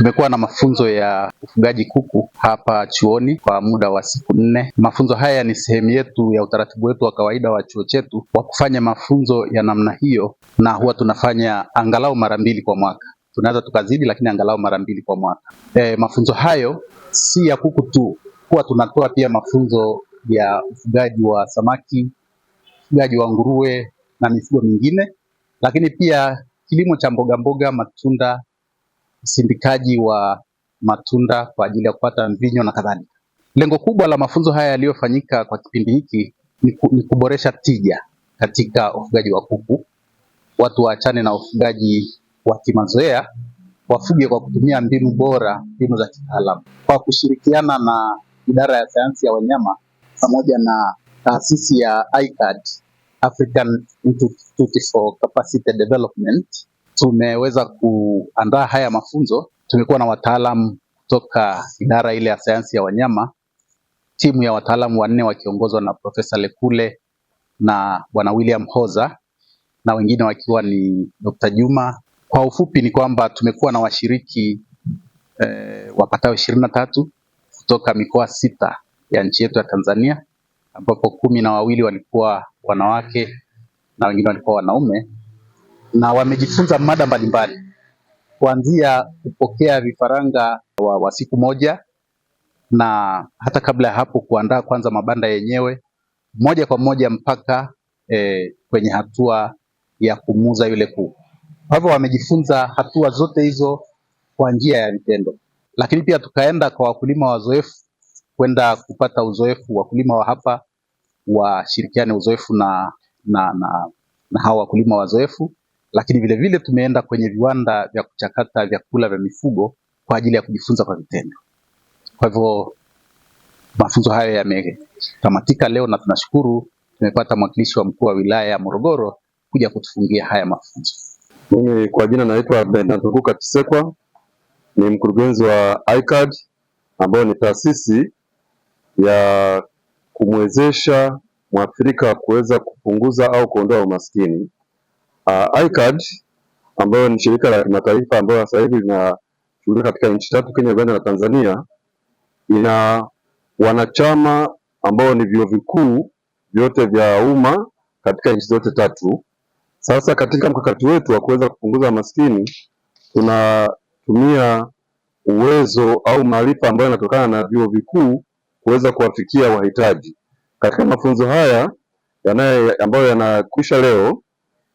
Tumekuwa na mafunzo ya ufugaji kuku hapa chuoni kwa muda wa siku nne. Mafunzo haya ni sehemu yetu ya utaratibu wetu wa kawaida wa chuo chetu wa kufanya mafunzo ya namna hiyo, na huwa tunafanya angalau mara mbili kwa mwaka. Tunaweza tukazidi, lakini angalau mara mbili kwa mwaka. E, mafunzo hayo si ya kuku tu, huwa tunatoa pia mafunzo ya ufugaji wa samaki, ufugaji wa nguruwe na mifugo mingine, lakini pia kilimo cha mbogamboga, matunda usindikaji wa matunda kwa ajili ya kupata mvinyo na kadhalika. Lengo kubwa la mafunzo haya yaliyofanyika kwa kipindi hiki ni kuboresha tija katika ufugaji wa kuku. Watu waachane na ufugaji wa kimazoea, wafuge kwa kutumia mbinu bora, mbinu za kitaalamu, kwa kushirikiana na idara ya sayansi ya wanyama pamoja na taasisi ya ICAD, African Institute for Capacity Development tumeweza kuandaa haya mafunzo, tumekuwa na wataalamu kutoka idara ile ya sayansi ya wanyama, timu ya wataalamu wanne wakiongozwa na Profesa Lekule na Bwana William Hoza na wengine wakiwa ni Dr. Juma. Kwa ufupi ni kwamba tumekuwa na washiriki eh, wapatao ishirini na tatu kutoka mikoa sita ya nchi yetu ya Tanzania ambapo kumi na wawili walikuwa wanawake na wengine walikuwa wanaume na wamejifunza mada mbalimbali kuanzia kupokea vifaranga wa, wa siku moja na hata kabla ya hapo kuandaa kwanza mabanda yenyewe moja kwa moja mpaka e, kwenye hatua ya kumuza yule kuku. Kwa hivyo wamejifunza hatua zote hizo kwa njia ya vitendo, lakini pia tukaenda kwa wakulima wazoefu kwenda kupata uzoefu, wakulima wa hapa washirikiane uzoefu na, na, na, na hawa wakulima wazoefu lakini vile vile tumeenda kwenye viwanda vya kuchakata vyakula vya mifugo kwa ajili ya kujifunza kwa vitendo. Kwa hivyo mafunzo hayo yametamatika leo na tunashukuru tumepata mwakilishi wa mkuu wa wilaya ya Morogoro kuja kutufungia haya mafunzo. Mimi kwa jina naitwa Bernard Nguka ni mkurugenzi wa ICAD ambayo ni taasisi ya kumwezesha Mwafrika kuweza kupunguza au kuondoa umaskini. Uh, ah, ICAD ambayo ni shirika la kimataifa ambayo sasa hivi linashughulika katika nchi tatu Kenya, Uganda na Tanzania, ina wanachama ambao ni vyuo vikuu vyote vya umma katika nchi zote tatu. Sasa katika mkakati wetu wa kuweza kupunguza maskini, tunatumia uwezo au maarifa ambayo yanatokana na vyuo vikuu kuweza kuwafikia wahitaji katika mafunzo haya ambayo yanakwisha leo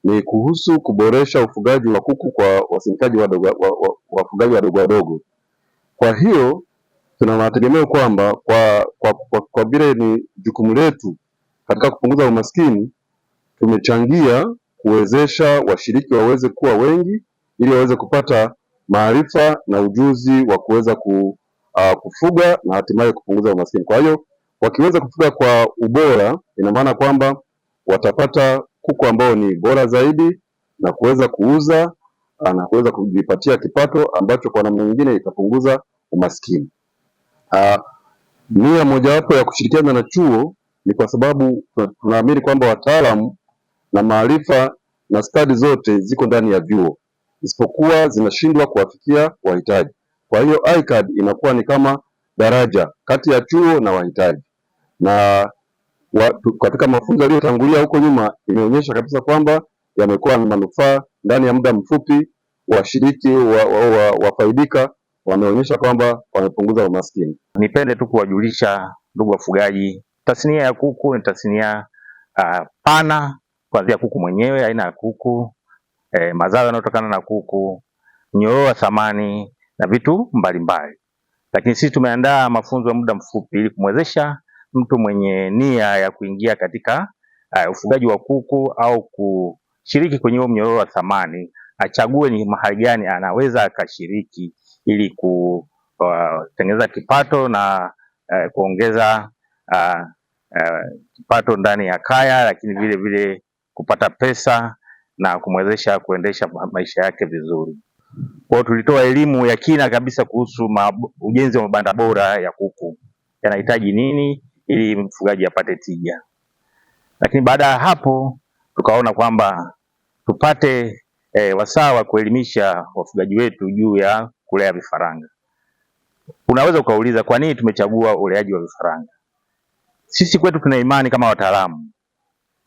ni kuhusu kuboresha ufugaji wa kuku kwa wasindikaji wadogo, wafugaji wadogo wadogo. Kwa hiyo tuna mategemeo kwamba kwa kwa, kwa, kwa vile ni jukumu letu katika kupunguza umaskini, tumechangia kuwezesha washiriki waweze kuwa wengi ili waweze kupata maarifa na ujuzi wa kuweza ku, uh, kufuga na hatimaye kupunguza umaskini. Kwa hiyo wakiweza kufuga kwa ubora, ina maana kwamba watapata kuku ambao ni bora zaidi na kuweza kuuza ah, na kuweza kujipatia kipato ambacho kwa namna nyingine itapunguza umaskini. Ah, nia mojawapo ya kushirikiana na chuo ni kwa sababu tunaamini kwamba wataalamu na maarifa na stadi zote ziko ndani ya vyuo, isipokuwa zinashindwa kuwafikia wahitaji. Kwa hiyo ICAD inakuwa ni kama daraja kati ya chuo na wahitaji, na watu, katika mafunzo yaliyotangulia huko nyuma imeonyesha kabisa kwamba yamekuwa na manufaa ndani ya muda mfupi. Washiriki wafaidika wa, wa, wa wameonyesha kwamba wamepunguza umaskini. Nipende tu kuwajulisha ndugu wafugaji, tasnia ya kuku ni tasnia uh, pana, kuanzia kuku mwenyewe, aina ya kuku eh, mazao yanayotokana na kuku, nyororo ya thamani na vitu mbalimbali mbali. Lakini sisi tumeandaa mafunzo ya muda mfupi ili kumwezesha mtu mwenye nia ya kuingia katika uh, ufugaji wa kuku au kushiriki kwenye huo mnyororo wa thamani achague ni mahali gani anaweza akashiriki ili kutengeneza uh, kipato na uh, kuongeza uh, uh, kipato ndani ya kaya, lakini vile vile kupata pesa na kumwezesha kuendesha maisha yake vizuri. Kwa tulitoa elimu ya kina kabisa kuhusu ujenzi wa mabanda bora ya kuku, yanahitaji nini, ili mfugaji apate tija. Lakini baada ya hapo tukaona kwamba tupate e, wasaa wa kuelimisha wafugaji wetu juu ya kulea vifaranga. Unaweza ukauliza kwa nini tumechagua uleaji wa vifaranga? Sisi kwetu tuna imani kama wataalamu,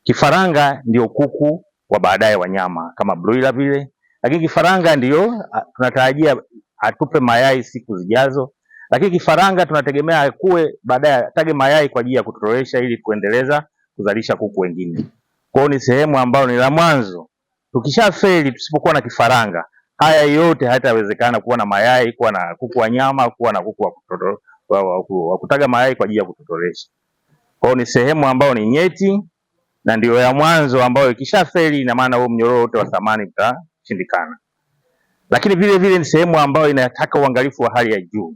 kifaranga ndio kuku wa baadaye wa nyama kama broiler vile, lakini kifaranga ndiyo tunatarajia atupe mayai siku zijazo, lakini kifaranga tunategemea akue baadaye atage mayai kwa ajili ya kutotolesha ili kuendeleza kuzalisha kuku wengine. Kwa hiyo ni sehemu ambayo ni la mwanzo. Tukishafeli tusipokuwa na kifaranga, haya yote hayatawezekana, kuwa na mayai, kuwa na kuku wa nyama, kuwa na kuku wa kutoto, wa, wa, wa wa kutaga mayai kwa ajili ya kutotolesha. Kwa hiyo ni sehemu ambayo ni nyeti na ndio ya mwanzo ambayo ikishafeli ina maana huo mnyororo wote wa thamani utashindikana. Lakini vile vile ni sehemu ambayo inataka uangalifu wa hali ya juu.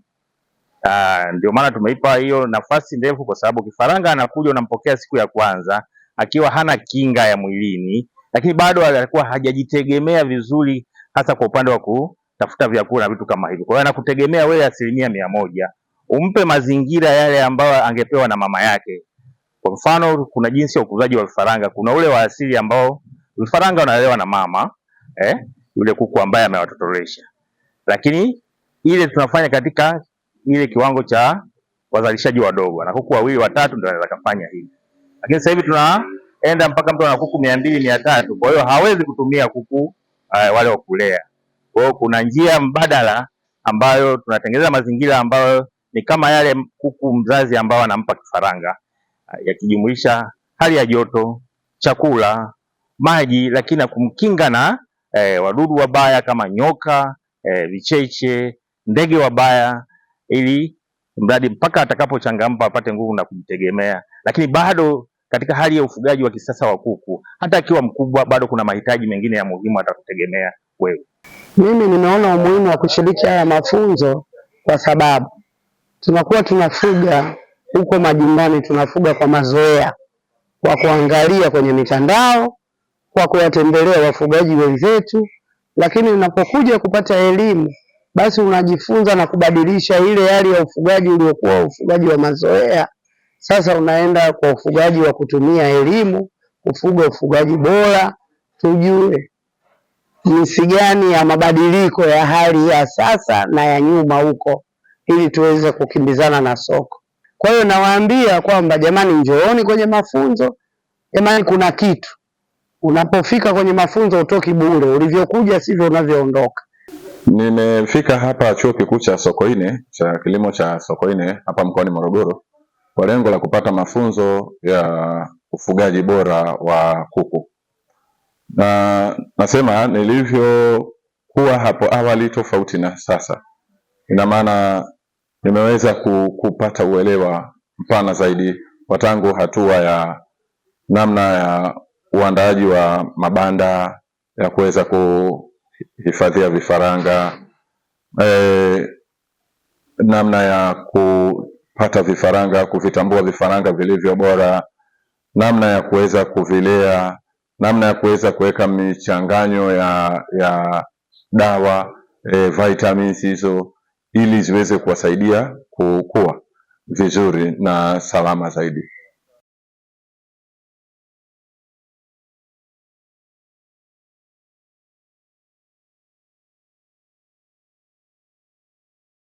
Ah, ndio maana tumeipa hiyo nafasi ndefu, kwa sababu kifaranga anakuja, unampokea siku ya kwanza akiwa hana kinga ya mwilini, lakini bado alikuwa hajajitegemea vizuri, hasa kwa upande wa kutafuta vyakula na vitu kama hivyo. Kwa hiyo anakutegemea wewe asilimia mia moja. Umpe mazingira yale ambayo angepewa na mama yake. Kwa mfano, kuna jinsi ya ukuzaji wa vifaranga. Kuna ule wa asili ambao vifaranga wanalewa na mama eh, yule kuku ambaye amewatotolesha, lakini ile tunafanya katika ile kiwango cha wazalishaji wadogo, na kuku wawili watatu ndio anaweza kufanya hivi, lakini sasa hivi tunaenda mpaka mtu ana kuku mia mbili mia tatu kwa hiyo hawezi kutumia kuku uh, wale wa kulea. Kwa hiyo kuna njia mbadala ambayo tunatengeneza mazingira ambayo ni kama yale kuku mzazi ambao anampa kifaranga, uh, yakijumuisha hali ya joto, chakula, maji, lakini na kumkinga na eh, wadudu wabaya kama nyoka, eh, vicheche, ndege wabaya ili mradi mpaka atakapochangamka apate nguvu na kujitegemea. Lakini bado katika hali ya ufugaji wa kisasa wa kuku, hata akiwa mkubwa, bado kuna mahitaji mengine ya muhimu atakutegemea wewe. Mimi nimeona umuhimu wa kushiriki haya mafunzo kwa sababu tunakuwa tunafuga huko majumbani, tunafuga kwa mazoea, kwa kuangalia kwenye mitandao, kwa kuwatembelea wafugaji wenzetu, lakini unapokuja kupata elimu basi unajifunza na kubadilisha ile hali ya ufugaji uliokuwa ufugaji wa mazoea, sasa unaenda kwa ufugaji wa kutumia elimu, kufuga ufugaji bora, tujue jinsi gani ya mabadiliko ya hali ya sasa na ya nyuma huko, ili tuweze kukimbizana na soko. Kwa hiyo nawaambia kwamba jamani, njooni kwenye mafunzo. Jamani, kuna kitu unapofika kwenye mafunzo utoki bure, ulivyokuja sivyo unavyoondoka. Nimefika hapa chuo kikuu cha Sokoine cha kilimo cha Sokoine hapa mkoani Morogoro kwa lengo la kupata mafunzo ya ufugaji bora wa kuku. Na nasema nilivyokuwa hapo awali tofauti na sasa, ina maana nimeweza kupata uelewa mpana zaidi wa tangu hatua ya namna ya uandaaji wa mabanda ya kuweza ku hifadhi ya vifaranga e, namna ya kupata vifaranga, kuvitambua vifaranga vilivyo bora, namna ya kuweza kuvilea, namna ya kuweza kuweka michanganyo ya, ya dawa e, vitamins hizo ili ziweze kuwasaidia kukua vizuri na salama zaidi.